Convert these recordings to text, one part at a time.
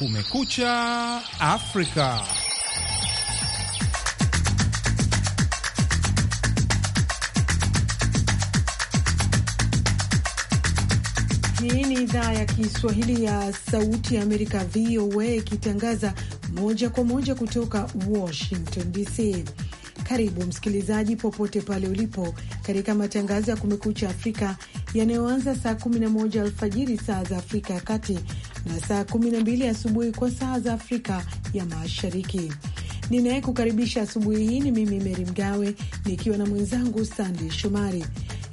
Kumekucha Afrika. Hii ni idhaa ya Kiswahili ya Sauti ya Amerika, VOA, ikitangaza moja kwa moja kutoka Washington DC. Karibu msikilizaji, popote pale ulipo, katika matangazo ya Kumekucha Afrika yanayoanza saa 11 alfajiri saa za Afrika ya Kati na saa 12 asubuhi kwa saa za Afrika ya Mashariki. Ninayekukaribisha asubuhi hii ni mimi Meri Mgawe nikiwa na mwenzangu Sandi Shomari,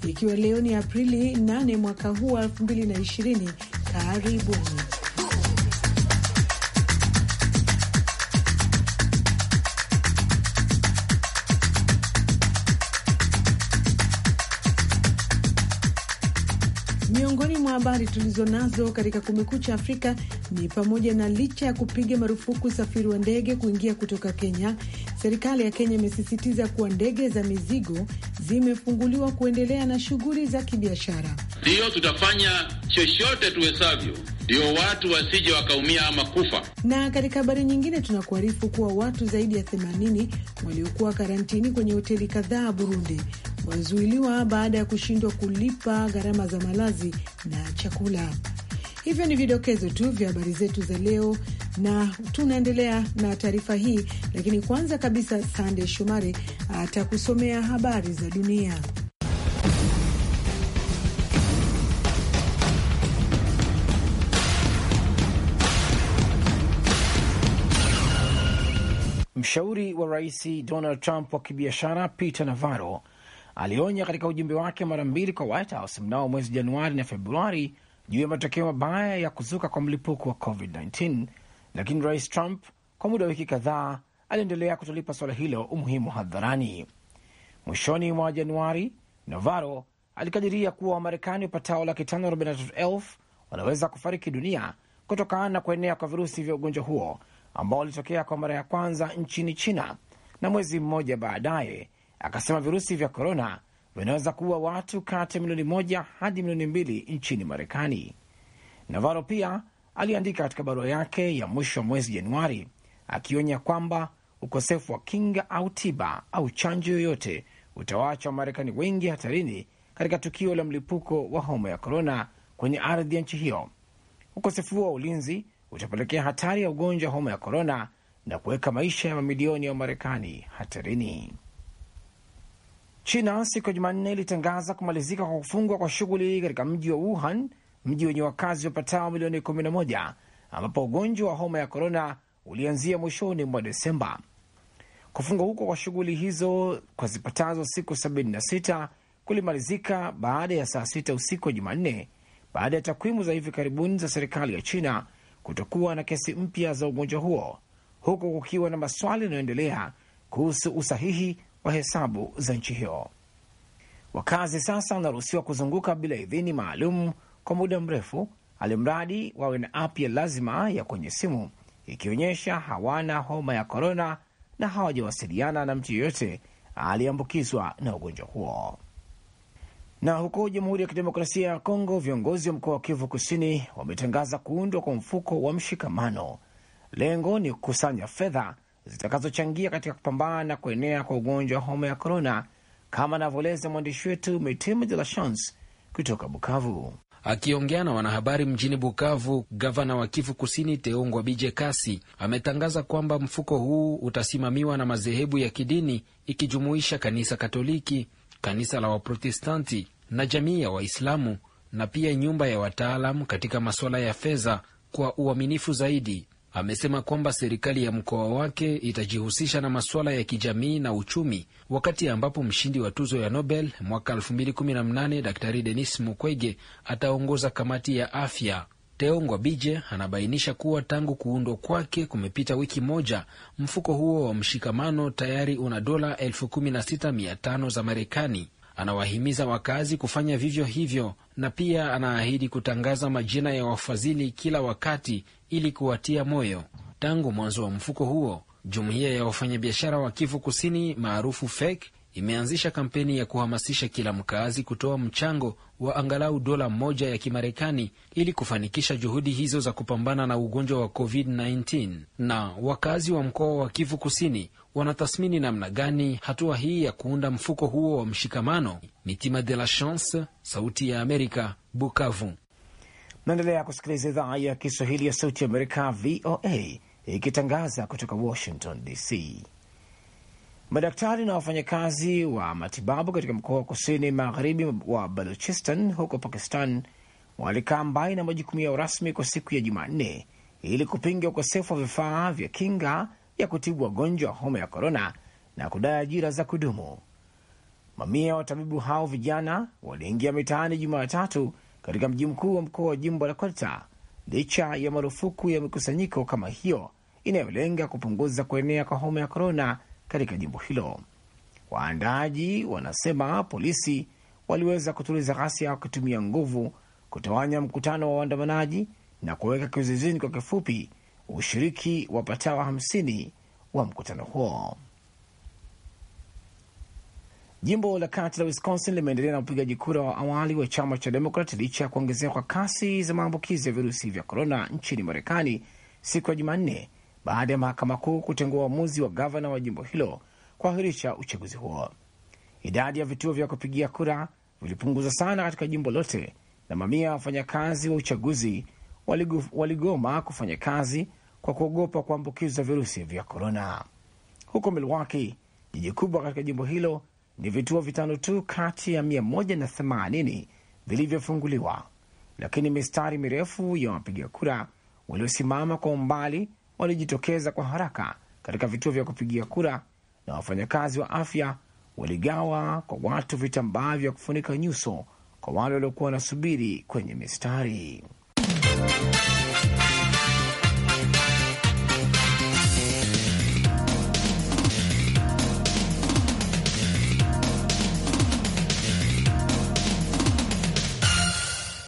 ikiwa leo ni Aprili 8 mwaka huu wa 2020. Karibuni. Miongoni mwa habari tulizo nazo katika Kumekucha Afrika ni pamoja na licha ya kupiga marufuku usafiri wa ndege kuingia kutoka Kenya, serikali ya Kenya imesisitiza kuwa ndege za mizigo zimefunguliwa kuendelea na shughuli za kibiashara. Ndiyo, tutafanya chochote tuwezavyo ndio watu wasije wakaumia ama kufa. Na katika habari nyingine, tunakuarifu kuwa watu zaidi ya 80 waliokuwa karantini kwenye hoteli kadhaa Burundi walizuiliwa baada ya kushindwa kulipa gharama za malazi na chakula. Hivyo ni vidokezo tu vya habari zetu za leo, na tunaendelea na taarifa hii, lakini kwanza kabisa Sande Shomari atakusomea habari za dunia. Mshauri wa rais Donald Trump wa kibiashara Peter Navarro alionya katika ujumbe wake mara mbili kwa White House mnao mwezi Januari na Februari juu ya matokeo mabaya ya kuzuka kwa mlipuko wa COVID-19, lakini Rais Trump kwa muda wa wiki kadhaa aliendelea kutolipa suala hilo umuhimu hadharani. Mwishoni mwa Januari, Navarro alikadiria kuwa Wamarekani wapatao laki tano arobaini na tatu elfu wanaweza kufariki dunia kutokana na kuenea kwa virusi vya ugonjwa huo ambao ulitokea kwa mara ya kwanza nchini China na mwezi mmoja baadaye akasema virusi vya korona vinaweza kuwa watu kati ya milioni moja hadi milioni mbili nchini Marekani. Navarro pia aliandika katika barua yake ya mwisho wa mwezi Januari akionya kwamba ukosefu wa kinga au tiba au chanjo yoyote utawaacha Wamarekani wengi hatarini katika tukio la mlipuko wa homa ya korona kwenye ardhi ya nchi hiyo. Ukosefu huo wa ulinzi utapelekea hatari ya ugonjwa wa homa ya korona na kuweka maisha ya mamilioni ya Wamarekani hatarini. China siku ya Jumanne ilitangaza kumalizika kwa kufungwa kwa shughuli katika mji wa Wuhan, mji wenye wakazi wapatao milioni 11 ambapo ugonjwa wa homa ya korona ulianzia mwishoni mwa Desemba. Kufungwa huko kwa shughuli hizo kwa zipatazo siku 76 kulimalizika baada ya saa sita usiku wa Jumanne, baada ya takwimu za hivi karibuni za serikali ya China kutokuwa na kesi mpya za ugonjwa huo, huku kukiwa na maswali yanayoendelea kuhusu usahihi wa hesabu za nchi hiyo. Wakazi sasa wanaruhusiwa kuzunguka bila idhini maalum kwa muda mrefu, alimradi wawe na app ya lazima ya kwenye simu ikionyesha hawana homa ya korona na hawajawasiliana na mtu yeyote aliyeambukizwa na ugonjwa huo. Na huko Jamhuri ya Kidemokrasia ya Kongo, viongozi wa mkoa wa Kivu Kusini wametangaza kuundwa kwa mfuko wa mshikamano. Lengo ni kukusanya fedha zitakazochangia katika kupambana na kuenea kwa ugonjwa wa homa ya korona, kama anavyoeleza mwandishi wetu Mitima De La Chance kutoka Bukavu. Akiongea na wanahabari mjini Bukavu, gavana wa Kivu Kusini Teongwa Bije Kasi ametangaza kwamba mfuko huu utasimamiwa na madhehebu ya kidini ikijumuisha kanisa Katoliki, kanisa la Waprotestanti na jamii ya Waislamu na pia nyumba ya wataalamu katika masuala ya fedha kwa uaminifu zaidi amesema kwamba serikali ya mkoa wake itajihusisha na masuala ya kijamii na uchumi, wakati ambapo mshindi wa tuzo ya Nobel mwaka 2018 Daktari Denis Mukwege ataongoza kamati ya afya. Teo Ngwabije anabainisha kuwa tangu kuundwa kwake kumepita wiki moja, mfuko huo wa mshikamano tayari una dola elfu kumi na sita mia tano za Marekani. Anawahimiza wakazi kufanya vivyo hivyo, na pia anaahidi kutangaza majina ya wafadhili kila wakati ili kuwatia moyo. Tangu mwanzo wa mfuko huo, jumuiya ya wafanyabiashara wa Kivu Kusini maarufu FEK imeanzisha kampeni ya kuhamasisha kila mkaazi kutoa mchango wa angalau dola moja ya Kimarekani ili kufanikisha juhudi hizo za kupambana na ugonjwa wa COVID-19. Na wakazi wa mkoa wa Kivu Kusini wanatathmini namna gani hatua hii ya kuunda mfuko huo wa mshikamano. Mitima de la Chance, Sauti ya Amerika, Bukavu. Naendelea kusikiliza idhaa ya Kiswahili ya Sauti ya Amerika, VOA, ikitangaza kutoka Washington DC. Madaktari na wafanyakazi wa matibabu katika mkoa wa kusini magharibi wa Baluchistan huko Pakistan walikaa mbali na majukumu yao rasmi kwa siku ya Jumanne ili kupinga ukosefu wa vifaa vya kinga ya kutibu wagonjwa wa homa ya korona na kudai ajira za kudumu. Mamia ya watabibu hao vijana waliingia mitaani Jumatatu katika mji mkuu wa mkoa wa jimbo la Kolta licha ya marufuku ya mikusanyiko kama hiyo inayolenga kupunguza kuenea kwa homa ya korona katika jimbo hilo. Waandaaji wanasema polisi waliweza kutuliza ghasia wakitumia nguvu, kutawanya mkutano wa waandamanaji na kuweka kizuizini kwa kifupi ushiriki wapatao hamsini wa mkutano huo. Jimbo la kati la Wisconsin limeendelea na upigaji kura wa awali wa chama cha Demokrat licha ya kuongezea kwa kasi za maambukizi ya virusi vya korona nchini Marekani siku ya Jumanne baada ya mahakama kuu kutengua uamuzi wa gavana wa jimbo hilo kuahirisha uchaguzi huo. Idadi ya vituo vya kupigia kura vilipunguzwa sana katika jimbo lote na mamia ya wafanyakazi wa uchaguzi waligoma kufanya kazi kwa kuogopa kuambukizwa virusi vya korona. Huko Milwaukee, jiji kubwa katika jimbo hilo, ni vituo vitano tu kati ya 180 vilivyofunguliwa, lakini mistari mirefu ya wapiga kura waliosimama kwa umbali walijitokeza kwa haraka katika vituo vya kupigia kura, na wafanyakazi wa afya waligawa kwa watu vitambaa vya kufunika nyuso kwa wale waliokuwa wanasubiri kwenye mistari.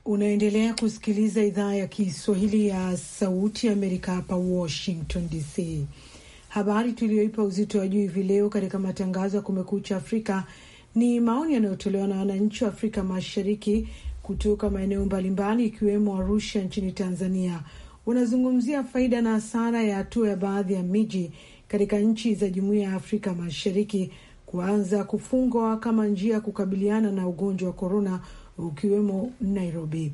Unaendelea kusikiliza idhaa ya Kiswahili ya Sauti ya Amerika hapa Washington DC. Habari tuliyoipa uzito wa juu hivi leo katika matangazo ya Kumekucha Afrika ni maoni yanayotolewa na wananchi wa Afrika Mashariki kutoka maeneo mbalimbali ikiwemo Arusha nchini Tanzania wanazungumzia faida na hasara ya hatua ya baadhi ya miji katika nchi za Jumuiya ya Afrika Mashariki kuanza kufungwa kama njia ya kukabiliana na ugonjwa wa korona, ukiwemo Nairobi.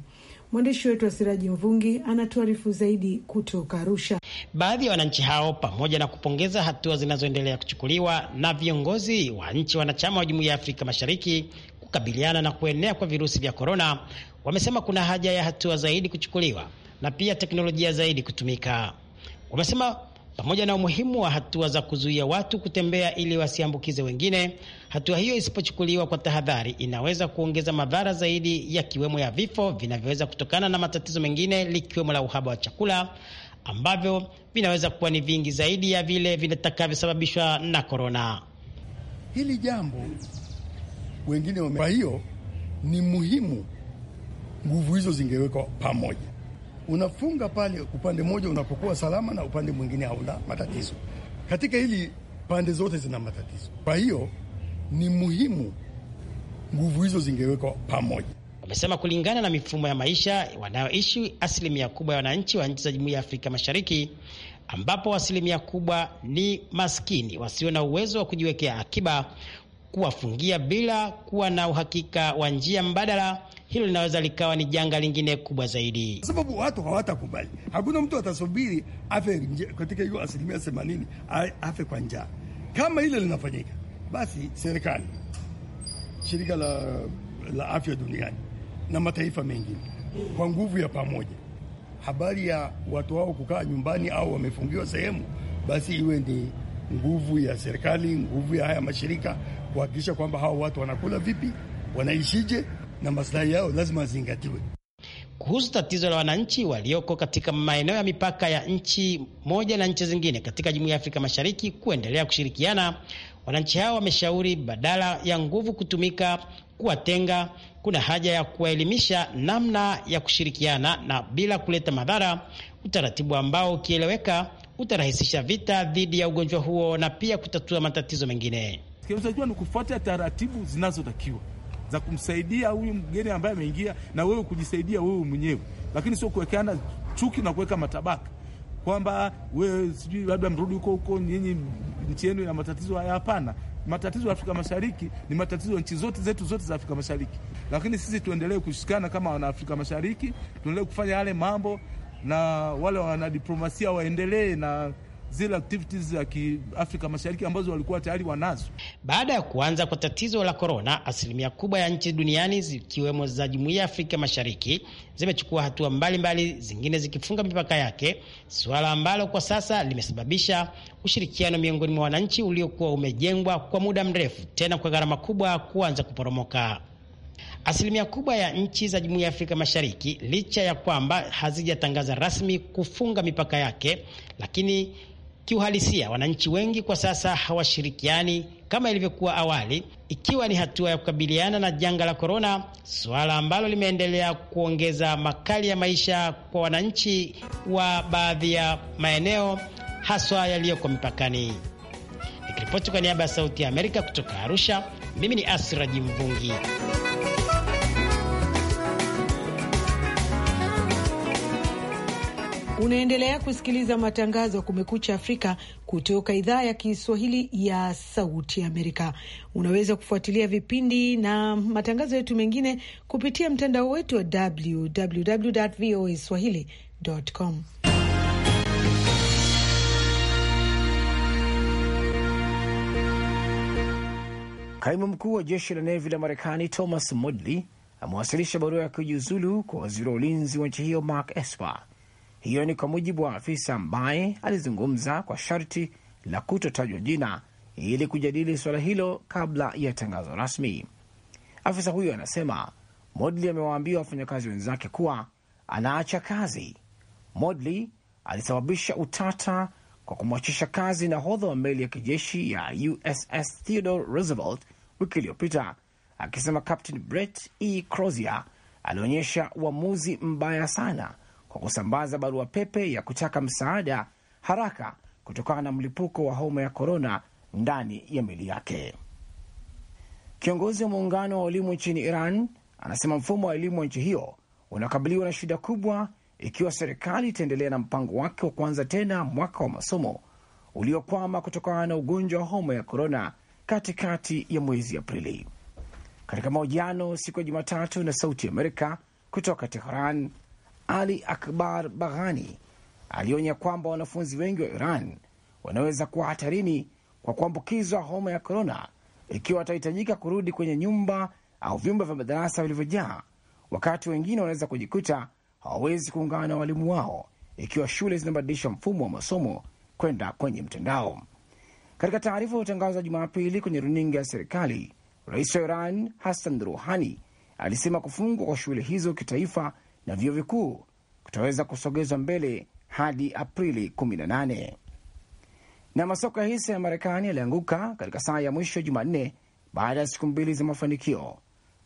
Mwandishi wetu wa Siraji Mvungi anatuarifu zaidi kutoka Arusha. Baadhi ya wananchi hao, pamoja na kupongeza hatua zinazoendelea kuchukuliwa na viongozi wa nchi wanachama wa Jumuiya ya Afrika Mashariki kukabiliana na kuenea kwa virusi vya korona, wamesema kuna haja ya hatua zaidi kuchukuliwa na pia teknolojia zaidi kutumika. Wamesema pamoja na umuhimu wa hatua za kuzuia watu kutembea ili wasiambukize wengine, hatua hiyo isipochukuliwa kwa tahadhari inaweza kuongeza madhara zaidi, yakiwemo ya vifo vinavyoweza kutokana na matatizo mengine, likiwemo la uhaba wa chakula ambavyo vinaweza kuwa ni vingi zaidi ya vile vitakavyosababishwa na korona. Hili jambo wengine wame. Kwa hiyo ni muhimu nguvu hizo zingewekwa pamoja, unafunga pale upande mmoja unapokuwa salama na upande mwingine hauna matatizo. Katika hili pande zote zina matatizo, kwa hiyo ni muhimu nguvu hizo zingewekwa pamoja. Wamesema kulingana na mifumo ya maisha wanayoishi asilimia kubwa ya wananchi wa nchi za Jumuiya ya Afrika Mashariki, ambapo asilimia kubwa ni maskini wasio na uwezo wa kujiwekea akiba, kuwafungia bila kuwa na uhakika wa njia mbadala, hilo linaweza likawa ni janga lingine kubwa zaidi, kwa sababu watu hawatakubali. Hakuna mtu atasubiri afe katika hiyo asilimia themanini afe kwa njaa. Kama hilo linafanyika, basi serikali, shirika la, la afya duniani na mataifa mengine kwa nguvu ya pamoja, habari ya watu hao kukaa nyumbani au wamefungiwa sehemu, basi iwe ni nguvu ya serikali, nguvu ya haya mashirika kuhakikisha kwamba hawa watu wanakula vipi, wanaishije, na maslahi yao lazima azingatiwe. Kuhusu tatizo la wananchi walioko katika maeneo ya mipaka ya nchi moja na nchi zingine katika Jumuiya ya Afrika Mashariki kuendelea kushirikiana, wananchi hao wameshauri badala ya nguvu kutumika kuwatenga, kuna haja ya kuwaelimisha namna ya kushirikiana na bila kuleta madhara, utaratibu ambao ukieleweka utarahisisha vita dhidi ya ugonjwa huo na pia kutatua matatizo mengine. Kinachotakiwa ni kufuata taratibu zinazotakiwa za kumsaidia huyu mgeni ambaye ameingia, na wewe kujisaidia wewe mwenyewe, lakini sio kuwekeana chuki na kuweka matabaka kwamba wewe sijui labda mrudi huko huko, nyinyi nchi yenu ina matatizo haya. Hapana, matatizo ya Afrika Mashariki ni matatizo ya nchi zote zetu zote za Afrika Mashariki, lakini sisi tuendelee kushikana kama wana Afrika Mashariki, tuendelee kufanya yale mambo na wale wanadiplomasia waendelee na zile activities za Afrika Mashariki ambazo walikuwa tayari wanazo. Baada ya kuanza kwa tatizo la korona, asilimia kubwa ya nchi duniani zikiwemo za Jumuiya ya Afrika Mashariki zimechukua hatua mbalimbali mbali, zingine zikifunga mipaka yake, suala ambalo kwa sasa limesababisha ushirikiano miongoni mwa wananchi uliokuwa umejengwa kwa muda mrefu, tena kwa gharama kubwa, kuanza kuporomoka. Asilimia kubwa ya nchi za Jumuiya ya Afrika Mashariki, licha ya kwamba hazijatangaza rasmi kufunga mipaka yake, lakini kiuhalisia wananchi wengi kwa sasa hawashirikiani kama ilivyokuwa awali, ikiwa ni hatua ya kukabiliana na janga la korona, suala ambalo limeendelea kuongeza makali ya maisha kwa wananchi wa baadhi ya maeneo haswa yaliyoko mipakani. Nikiripoti kwa niaba ya Sauti ya Amerika kutoka Arusha, mimi ni Asra Jimvungi. Unaendelea kusikiliza matangazo ya Kumekucha Afrika kutoka idhaa ya Kiswahili ya Sauti Amerika. Unaweza kufuatilia vipindi na matangazo yetu mengine kupitia mtandao wetu wa www voa swahili.com. Kaimu mkuu wa jeshi la nevi la Marekani Thomas Modly amewasilisha barua ya kujiuzulu kwa waziri wa ulinzi wa nchi hiyo Mark Esper hiyo ni kwa mujibu wa afisa ambaye alizungumza kwa sharti la kutotajwa jina ili kujadili suala hilo kabla ya tangazo rasmi. Afisa huyo anasema Modli amewaambia wafanyakazi wenzake kuwa anaacha kazi. Modli alisababisha utata kwa kumwachisha kazi nahodha wa meli ya kijeshi ya USS Theodore Roosevelt wiki iliyopita, akisema Captain Brett E. Crozier alionyesha uamuzi mbaya sana kwa kusambaza barua pepe ya kutaka msaada haraka kutokana na mlipuko wa homa ya korona ndani ya mili yake. Kiongozi wa muungano wa walimu nchini Iran anasema mfumo wa elimu wa nchi hiyo unakabiliwa na shida kubwa ikiwa serikali itaendelea na mpango wake wa kuanza tena mwaka wa masomo uliokwama kutokana na ugonjwa wa homa ya korona katikati ya mwezi Aprili. Katika mahojiano siku ya Jumatatu na Sauti Amerika kutoka Teheran, ali Akbar Baghani alionya kwamba wanafunzi wengi wa Iran wanaweza kuwa hatarini kwa kuambukizwa homa ya korona ikiwa watahitajika kurudi kwenye nyumba au vyumba vya madarasa vilivyojaa, wakati wengine wanaweza kujikuta hawawezi kuungana na walimu wao ikiwa shule zinabadilisha mfumo wa masomo kwenda kwenye mtandao. Katika taarifa iliyotangazwa Jumapili kwenye runinga ya serikali, rais wa Iran Hassan Ruhani alisema kufungwa kwa shule hizo kitaifa na vyuo vikuu kutaweza kusogezwa mbele hadi Aprili 18. Na masoko ya hisa ya Marekani yalianguka katika saa ya mwisho Jumanne baada ya siku mbili za mafanikio.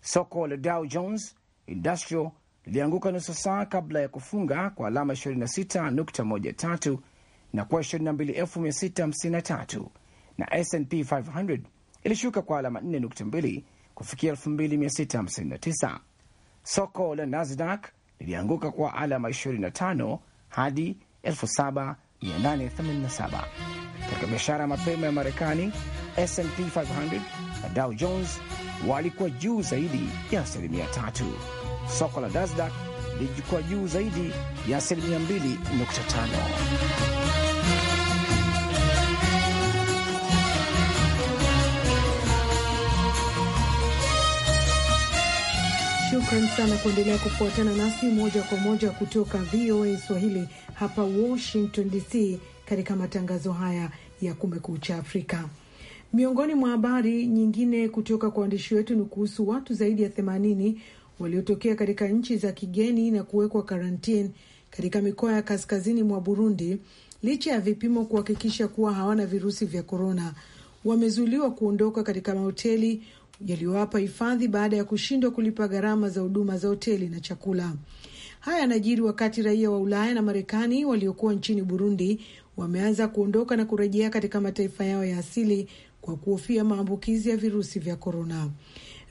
Soko la Dow Jones Industrial lilianguka nusu saa kabla ya kufunga kwa alama 26.13 na kuwa 22653 na S&P 500 ilishuka kwa alama 4.2 kufikia 2659. Soko la Nasdaq lilianguka kwa alama 25 hadi 7887. Katika biashara ya mapema ya Marekani, S&P 500 na Dow Jones walikuwa juu zaidi ya asilimia tatu. Soko la Nasdaq lilikuwa juu zaidi ya asilimia 2.5. Shukran sana kuendelea kufuatana nasi moja kwa moja kutoka VOA Swahili hapa Washington DC, katika matangazo haya ya Kumekucha Afrika. Miongoni mwa habari nyingine kutoka kwa waandishi wetu ni kuhusu watu zaidi ya themanini waliotokea katika nchi za kigeni na kuwekwa karantini katika mikoa ya kaskazini mwa Burundi, licha ya vipimo kuhakikisha kuwa hawana virusi vya korona, wamezuiliwa kuondoka katika mahoteli yaliyowapa hifadhi baada ya kushindwa kulipa gharama za huduma za hoteli na chakula. Haya yanajiri wakati raia wa Ulaya na Marekani waliokuwa nchini Burundi wameanza kuondoka na kurejea katika mataifa yao ya asili kwa kuhofia maambukizi ya virusi vya korona.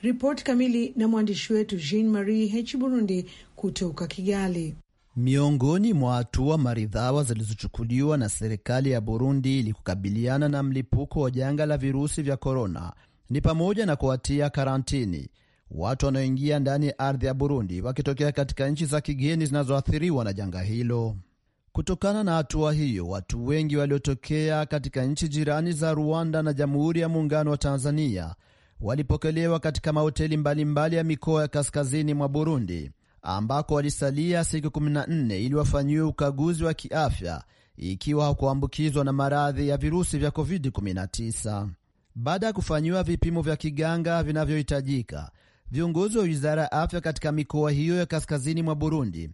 Ripoti kamili na mwandishi wetu Jean Marie H Burundi kutoka Kigali. Miongoni mwa hatua maridhawa zilizochukuliwa na serikali ya Burundi ili kukabiliana na mlipuko wa janga la virusi vya korona ni pamoja na kuwatia karantini watu wanaoingia ndani ya ardhi ya Burundi wakitokea katika nchi za kigeni zinazoathiriwa na janga hilo. Kutokana na hatua hiyo, watu wengi waliotokea katika nchi jirani za Rwanda na Jamhuri ya Muungano wa Tanzania walipokelewa katika mahoteli mbalimbali ya mikoa ya kaskazini mwa Burundi ambako walisalia siku 14 ili wafanyiwe ukaguzi wa kiafya ikiwa hakuambukizwa na maradhi ya virusi vya COVID-19 baada ya kufanyiwa vipimo vya kiganga vinavyohitajika. Viongozi wa wizara ya afya katika mikoa hiyo ya kaskazini mwa Burundi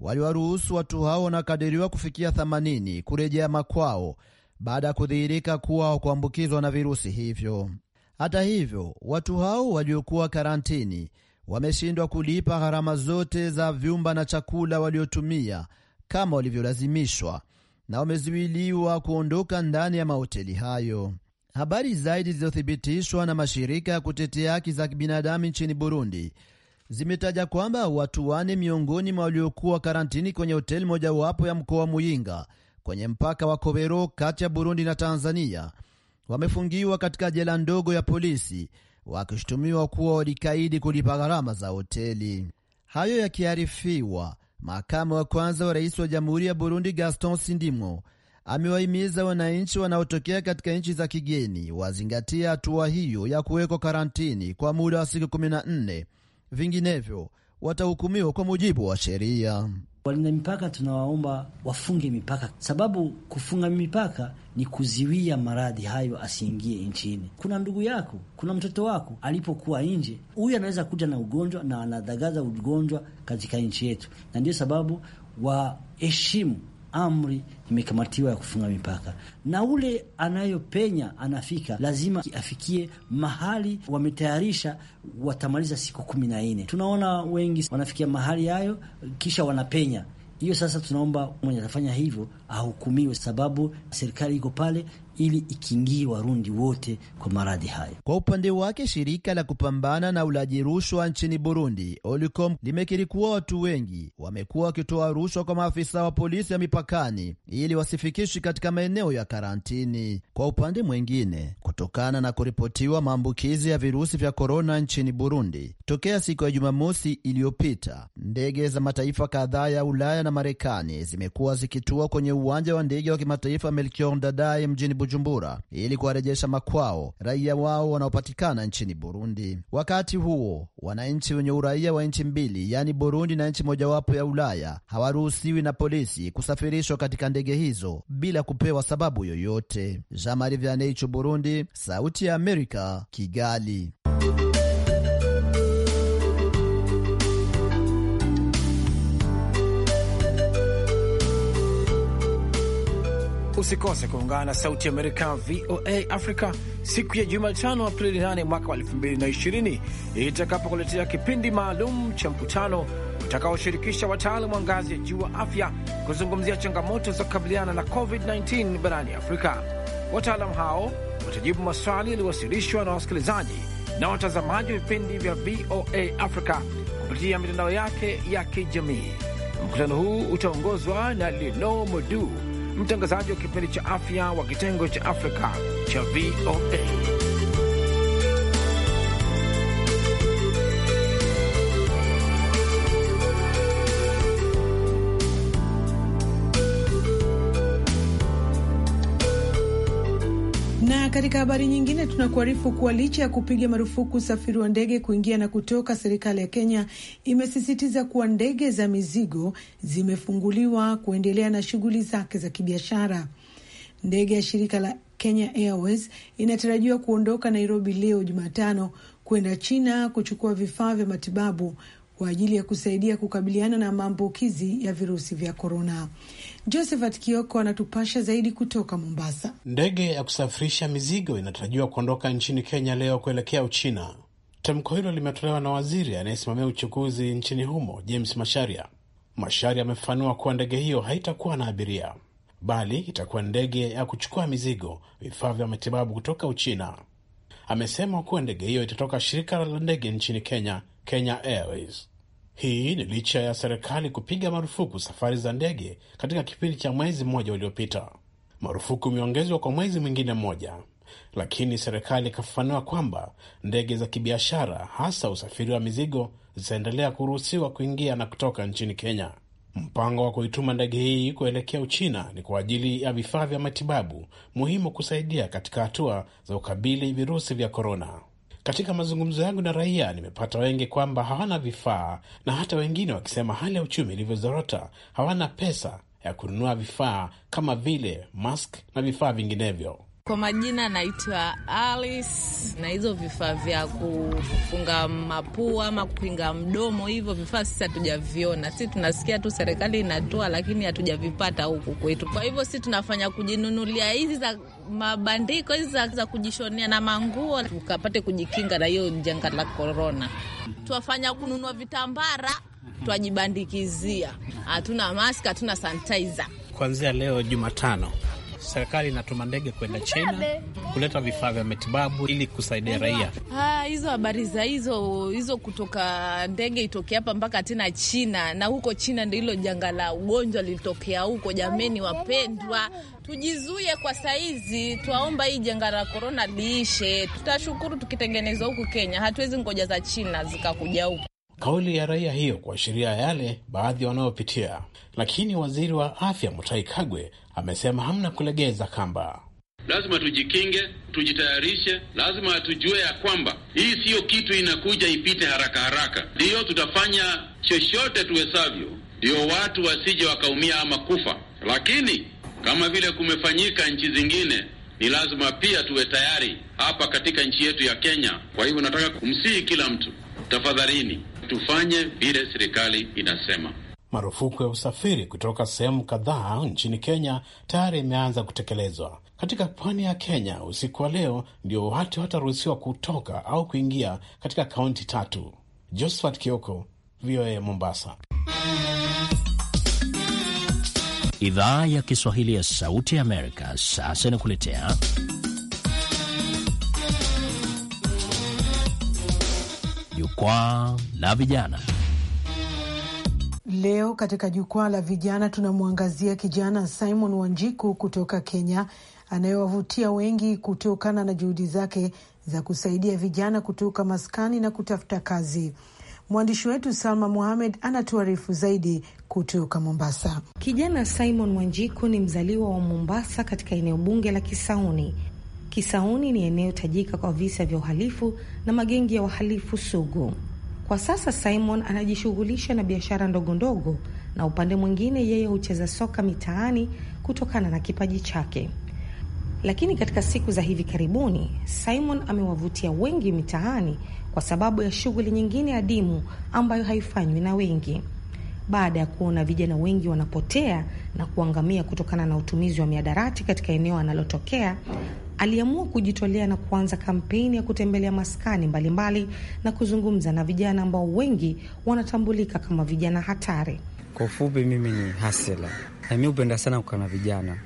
waliwaruhusu watu hao wanakadiriwa kufikia 80 kurejea makwao baada ya kudhihirika kuwa wakuambukizwa na virusi hivyo. Hata hivyo, watu hao waliokuwa karantini wameshindwa kulipa gharama zote za vyumba na chakula waliotumia kama walivyolazimishwa, na wamezuiliwa kuondoka ndani ya mahoteli hayo. Habari zaidi zilizothibitishwa na mashirika ya kutetea haki za kibinadamu nchini Burundi zimetaja kwamba watu wane miongoni mwa waliokuwa karantini kwenye hoteli mojawapo ya mkoa wa Muyinga kwenye mpaka wa Kobero kati ya Burundi na Tanzania wamefungiwa katika jela ndogo ya polisi wakishutumiwa kuwa walikaidi kulipa gharama za hoteli. Hayo yakiarifiwa, makamu wa kwanza wa rais wa jamhuri ya Burundi Gaston Sindimwo amewahimiza wananchi wanaotokea katika nchi za kigeni wazingatie hatua hiyo ya kuwekwa karantini kwa muda wa siku 14, vinginevyo watahukumiwa kwa mujibu wa sheria. Walinda mipaka tunawaomba wafunge mipaka, sababu kufunga mipaka ni kuziwia maradhi hayo asiingie nchini. Kuna ndugu yako, kuna mtoto wako alipokuwa nje, huyu anaweza kuja na ugonjwa na anadagaza ugonjwa katika nchi yetu, na ndio sababu waheshimu amri imekamatiwa ya kufunga mipaka, na ule anayopenya anafika lazima afikie mahali wametayarisha, watamaliza siku kumi na nne. Tunaona wengi wanafikia mahali hayo, kisha wanapenya hiyo. Sasa tunaomba mwenye atafanya hivyo ahukumiwe, sababu serikali iko pale ili ikingie Warundi wote kwa maradhi hayo Kwa upande wake, shirika la kupambana na ulaji rushwa nchini Burundi, Olicom, limekiri kuwa watu wengi wamekuwa wakitoa rushwa kwa maafisa wa polisi ya mipakani ili wasifikishwi katika maeneo ya karantini. Kwa upande mwingine, kutokana na kuripotiwa maambukizi ya virusi vya korona nchini Burundi tokea siku ya Jumamosi iliyopita, ndege za mataifa kadhaa ya Ulaya na Marekani zimekuwa zikitua kwenye uwanja wa ndege wa kimataifa Melchior Ndadaye mjini Bujumbura ili kuwarejesha makwao raia wao wanaopatikana nchini Burundi. Wakati huo, wananchi wenye uraia wa nchi mbili, yaani Burundi na nchi mojawapo ya Ulaya, hawaruhusiwi na polisi kusafirishwa katika ndege hizo bila kupewa sababu yoyote. Jamari Marie Burundi, Sauti ya Amerika, Kigali. Usikose kuungana na Sauti ya Amerika VOA africa siku ya Jumatano, Aprili 8 mwaka wa 2020 itakapokuletea kipindi maalum cha mkutano utakaoshirikisha wataalam wa ngazi ya juu wa afya kuzungumzia changamoto za kukabiliana na COVID-19 barani Afrika. Wataalamu hao watajibu maswali yaliyowasilishwa na wasikilizaji na watazamaji wa vipindi vya VOA Africa kupitia mitandao yake ya kijamii. Mkutano huu utaongozwa na Lino Modu mtangazaji wa kipindi cha afya wa kitengo cha Afrika cha VOA. katika habari nyingine tunakuarifu kuwa licha ya kupiga marufuku usafiri wa ndege kuingia na kutoka, serikali ya Kenya imesisitiza kuwa ndege za mizigo zimefunguliwa kuendelea na shughuli zake za kibiashara. Ndege ya shirika la Kenya Airways inatarajiwa kuondoka Nairobi leo Jumatano kwenda China kuchukua vifaa vya matibabu kwa ajili ya kusaidia kukabiliana na maambukizi ya virusi vya korona. Josephat Kioko anatupasha zaidi kutoka Mombasa. Ndege ya kusafirisha mizigo inatarajiwa kuondoka nchini Kenya leo kuelekea Uchina. Tamko hilo limetolewa na waziri anayesimamia uchukuzi nchini humo James Masharia. Masharia amefafanua kuwa ndege hiyo haitakuwa na abiria, bali itakuwa ndege ya kuchukua mizigo, vifaa vya matibabu kutoka Uchina. Amesema kuwa ndege hiyo itatoka shirika la ndege nchini Kenya, Kenya Airways. Hii ni licha ya serikali kupiga marufuku safari za ndege katika kipindi cha mwezi mmoja uliopita. Marufuku imeongezwa kwa mwezi mwingine mmoja, lakini serikali ikafafanua kwamba ndege za kibiashara, hasa usafiri wa mizigo, zitaendelea kuruhusiwa kuingia na kutoka nchini Kenya. Mpango wa kuituma ndege hii kuelekea Uchina ni kwa ajili ya vifaa vya matibabu muhimu kusaidia katika hatua za ukabili virusi vya korona. Katika mazungumzo yangu na raia, nimepata wengi kwamba hawana vifaa na hata wengine wakisema hali ya uchumi ilivyozorota, hawana pesa ya kununua vifaa kama vile mask na vifaa vinginevyo. Kwa majina naitwa Alice, na hizo vifaa vya kufunga mapua ama kupinga mdomo, hivyo vifaa sisi hatujaviona. si tunasikia tu serikali inatoa, lakini hatujavipata huku kwetu. Kwa hivyo si tunafanya kujinunulia hizi za mabandiko hizi za, za kujishonea na manguo, tukapate kujikinga na hiyo janga la korona. twafanya kununua vitambara twajibandikizia, hatuna mask, hatuna sanitizer. Kuanzia leo Jumatano serikali inatuma ndege kwenda China kuleta vifaa vya matibabu ili kusaidia raia. Ha, hizo habari za hizo hizo kutoka ndege itokea hapa mpaka tena China, na huko China ndio hilo janga la ugonjwa lilitokea huko. Jameni wapendwa, tujizuie kwa saizi, twaomba hii janga la korona liishe. Tutashukuru tukitengenezwa huku Kenya, hatuwezi ngoja za China zikakuja huku. Kauli ya raia hiyo kuashiria yale baadhi wanayopitia, lakini waziri wa afya Mutai Kagwe amesema hamna kulegeza kamba. Lazima tujikinge, tujitayarishe. Lazima tujue ya kwamba hii siyo kitu inakuja ipite haraka haraka. Ndiyo, tutafanya chochote tuwezavyo ndiyo watu wasije wakaumia ama kufa, lakini kama vile kumefanyika nchi zingine, ni lazima pia tuwe tayari hapa katika nchi yetu ya Kenya. Kwa hivyo nataka kumsihi kila mtu, tafadhalini tufanye vile serikali inasema. Marufuku ya usafiri kutoka sehemu kadhaa nchini Kenya tayari imeanza kutekelezwa. Katika pwani ya Kenya usiku wa leo ndio watu wataruhusiwa kutoka au kuingia katika kaunti tatu. Josephat Kioko, VOA Mombasa. Idhaa ya Kiswahili ya Sauti ya Amerika sasa inakuletea Jukwaa la Vijana. Leo katika Jukwaa la Vijana tunamwangazia kijana Simon Wanjiku kutoka Kenya anayewavutia wengi kutokana na juhudi zake za kusaidia vijana kutoka maskani na kutafuta kazi. Mwandishi wetu Salma Muhamed anatuarifu zaidi kutoka Mombasa. Kijana Simon Wanjiku ni mzaliwa wa Mombasa katika eneo bunge la Kisauni Kisauni ni eneo tajika kwa visa vya uhalifu na magengi ya wahalifu sugu. Kwa sasa Simon anajishughulisha na biashara ndogo ndogo na upande mwingine yeye hucheza soka mitaani kutokana na kipaji chake. Lakini katika siku za hivi karibuni, Simon amewavutia wengi mitaani kwa sababu ya shughuli nyingine adimu ambayo haifanywi na wengi baada ya kuona vijana wengi wanapotea na kuangamia kutokana na utumizi wa miadarati katika eneo analotokea, aliamua kujitolea na kuanza kampeni ya kutembelea maskani mbalimbali mbali na kuzungumza na vijana ambao wengi wanatambulika kama vijana hatari. Kwa ufupi, mimi ni Hasela na mi hupenda sana kukaa na vijana,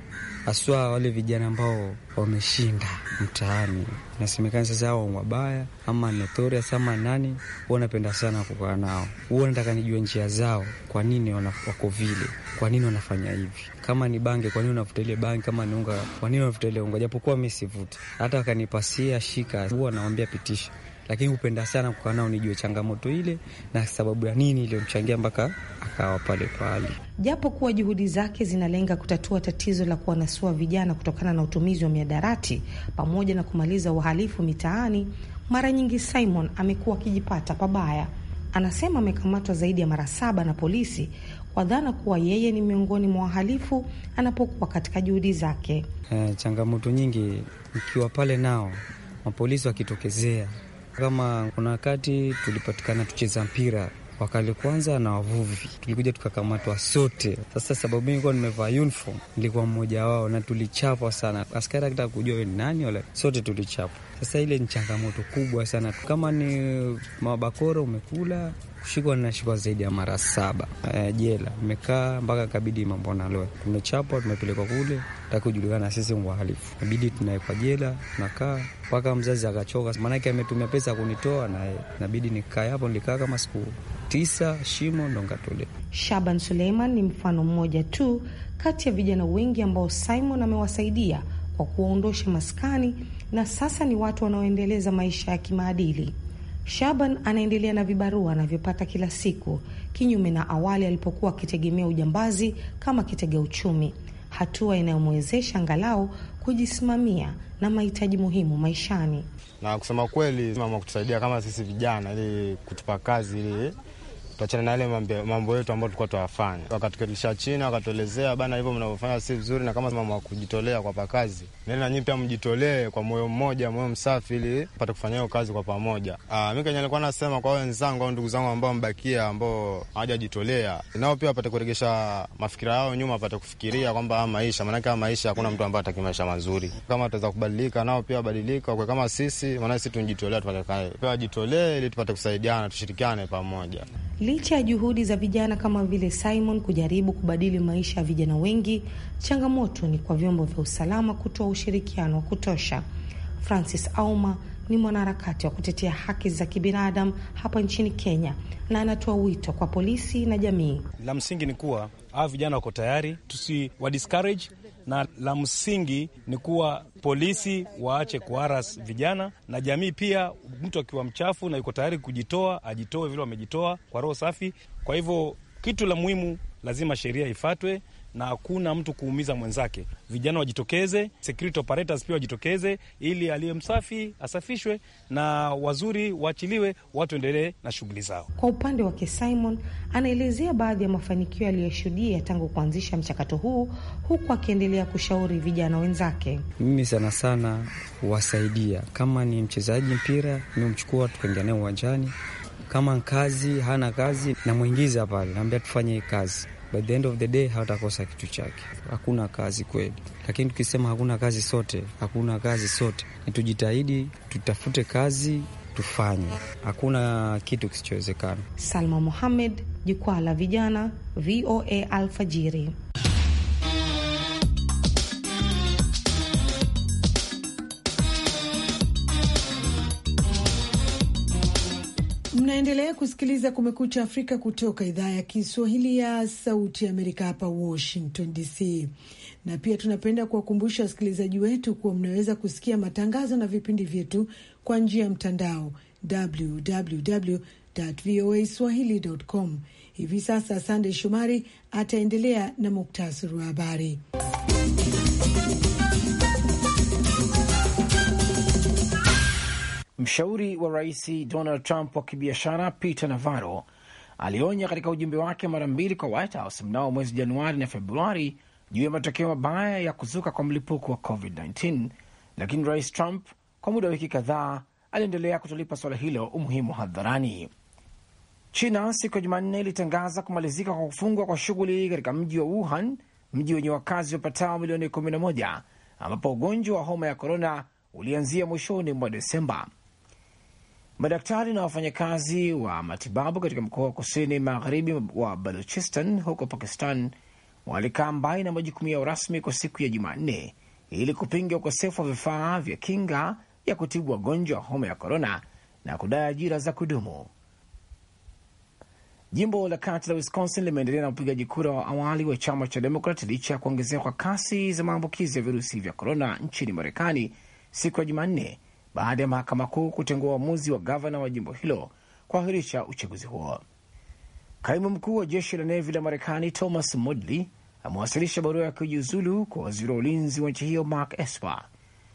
haswa wale vijana ambao wameshinda mtaani. Nasemekana sasa hao wabaya ama notorious ama nani, huwa napenda sana kukaa nao, huwa nataka nijue njia zao, kwa nini wako vile, kwa nini wanafanya hivi. Kama ni bange, kwa nini unavuta ile bange? Kama ni unga, kwa nini unavuta ile unga? Japokuwa mi sivuti, hata wakanipasia shika, huwa nawambia pitisha lakini hupenda sana kukaa nao nijue changamoto ile na sababu ya nini iliyomchangia mpaka akawa pale pale. Japo kuwa juhudi zake zinalenga kutatua tatizo la kuwanasua vijana kutokana na utumizi wa miadarati pamoja na kumaliza uhalifu mitaani, mara nyingi Simon amekuwa akijipata pabaya. Anasema amekamatwa zaidi ya mara saba na polisi kwa dhana kuwa yeye ni miongoni mwa wahalifu anapokuwa katika juhudi zake. Eh, changamoto nyingi ikiwa pale nao mapolisi wakitokezea kama kuna wakati tulipatikana tucheza mpira wakali kwanza na wavuvi, tulikuja tukakamatwa sote. Sasa sababu kuwa nimevaa uniform, nilikuwa mmoja wao na tulichapwa sana, askari akitaka kujua we ni nani, wala sote tulichapwa. Sasa ile ni changamoto kubwa sana, kama ni mabakoro umekula kushikwa ninashikwa zaidi ya mara saba e, jela nimekaa mpaka kabidi mambo nalo tumechapwa tumepelekwa kule takujulikana sisi wahalifu, nabidi tunawekwa jela, nakaa mpaka mzazi akachoka, maanake ametumia pesa kunitoa, na nabidi nikae hapo. Nilikaa kama siku tisa, shimo ndo ngatole. Shaban Suleiman ni mfano mmoja tu kati ya vijana wengi ambao Simon amewasaidia kwa kuwaondosha maskani na sasa ni watu wanaoendeleza maisha ya kimaadili. Shaban anaendelea na vibarua anavyopata kila siku, kinyume na awali alipokuwa akitegemea ujambazi kama kitega uchumi, hatua inayomwezesha angalau kujisimamia na mahitaji muhimu maishani. Na kusema kweli, mama kutusaidia kama sisi vijana, ili kutupa kazi ili tuachane na yale mambo yetu ambayo tulikuwa tuwafanya. Wakatuketisha chini, wakatuelezea bana, hivyo mnavyofanya si vizuri, na kama mama kujitolea kwa pakazi, nani na nyinyi pia mjitolee kwa moyo mmoja, moyo msafi, ili pate kufanya hiyo kazi kwa pamoja. Ah, mimi kenye nilikuwa nasema kwa wenzangu au ndugu zangu ambao mbakia, ambao hawajajitolea nao, pia wapate kuregesha mafikira yao nyuma, wapate kufikiria kwamba maisha, maanake maisha, hakuna mtu ambaye ataki maisha mazuri. Kama tutaweza kubadilika, nao pia wabadilika kwa kama sisi, maanake sisi tunajitolea, tupate kae pia wajitolee, ili tupate kusaidiana, tushirikiane pamoja. Licha ya juhudi za vijana kama vile Simon kujaribu kubadili maisha ya vijana wengi, changamoto ni kwa vyombo vya usalama kutoa ushirikiano wa kutosha. Francis Auma ni mwanaharakati wa kutetea haki za kibinadamu hapa nchini Kenya na anatoa wito kwa polisi na jamii. La msingi ni kuwa hawa vijana wako tayari, tusiwa na la msingi ni kuwa polisi waache kuharas vijana na jamii pia. Mtu akiwa mchafu na yuko tayari kujitoa ajitoe vile wamejitoa kwa roho safi. Kwa hivyo kitu la muhimu lazima sheria ifatwe na hakuna mtu kuumiza mwenzake. Vijana wajitokeze, security operators pia wajitokeze, ili aliye msafi asafishwe na wazuri waachiliwe, watu waendelee na shughuli zao. Kwa upande wake, Simon anaelezea baadhi ya mafanikio aliyoshuhudia tangu kuanzisha mchakato huu, huku akiendelea kushauri vijana wenzake. Mimi sana sana huwasaidia, kama ni mchezaji mpira, mi mchukua tukaingia naye uwanjani kama kazi hana kazi, namwingiza pale, naambia tufanye kazi by the end of the day hawatakosa kitu chake. Hakuna kazi kweli, lakini tukisema hakuna kazi sote, hakuna kazi sote, ni tujitahidi, tutafute kazi tufanye, hakuna kitu kisichowezekana. Salma Muhamed, Jukwaa la Vijana, VOA Alfajiri. Mnaendelea kusikiliza Kumekucha Afrika kutoka idhaa ya Kiswahili ya Sauti ya Amerika hapa Washington DC, na pia tunapenda kuwakumbusha wasikilizaji wetu kuwa mnaweza kusikia matangazo na vipindi vyetu kwa njia ya mtandao www voa swahili.com. Hivi sasa Sandey Shomari ataendelea na muktasari wa habari. Mshauri wa rais Donald Trump wa kibiashara Peter Navarro alionya katika ujumbe wake mara mbili kwa White House mnao mwezi Januari na Februari juu ya matokeo mabaya ya kuzuka kwa mlipuko wa COVID-19, lakini rais Trump kwa muda wa wiki kadhaa aliendelea kutolipa suala hilo umuhimu hadharani. China siku ya Jumanne ilitangaza kumalizika kwa kufungwa kwa shughuli katika mji wa Wuhan, mji wenye wakazi wapatao milioni 11, ambapo ugonjwa wa homa ya korona ulianzia mwishoni mwa Desemba. Madaktari na wafanyakazi wa matibabu katika mkoa wa kusini magharibi wa Baluchistan huko Pakistan walikaa mbali na majukumu yao rasmi kwa siku ya Jumanne ili kupinga ukosefu wa vifaa vya kinga ya kutibu wagonjwa wa homa ya korona na kudai ajira za kudumu. Jimbo la kati la Wisconsin limeendelea na upigaji kura wa awali wa chama cha Demokrat licha ya kuongezea kwa kasi za maambukizi ya virusi vya korona nchini Marekani siku ya Jumanne baada ya mahakama kuu kutengua uamuzi wa gavana wa jimbo hilo kuahirisha uchaguzi huo. Kaimu mkuu wa jeshi la nevi la Marekani Thomas Modly amewasilisha barua ya kujiuzulu kwa waziri wa ulinzi wa nchi hiyo Mark Esper.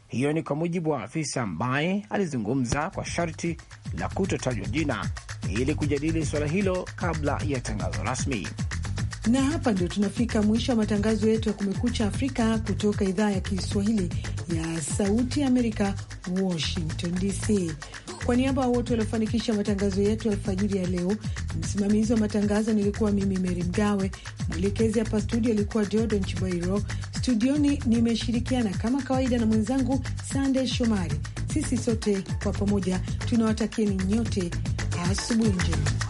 Hiyo ni kwa mujibu wa afisa ambaye alizungumza kwa sharti la kutotajwa jina ili kujadili suala hilo kabla ya tangazo rasmi. Na hapa ndio tunafika mwisho wa matangazo yetu ya Kumekucha Afrika kutoka idhaa ya Kiswahili ya Sauti Amerika, Washington DC. Kwa niaba ya wote waliofanikisha matangazo yetu alfajiri ya leo, msimamizi wa matangazo nilikuwa mimi Meri Mgawe, mwelekezi hapa studio alikuwa Deodon Chibairo. Studioni nimeshirikiana kama kawaida na mwenzangu Sandey Shomari. Sisi sote kwa pamoja tunawatakieni nyote asubuhi njema.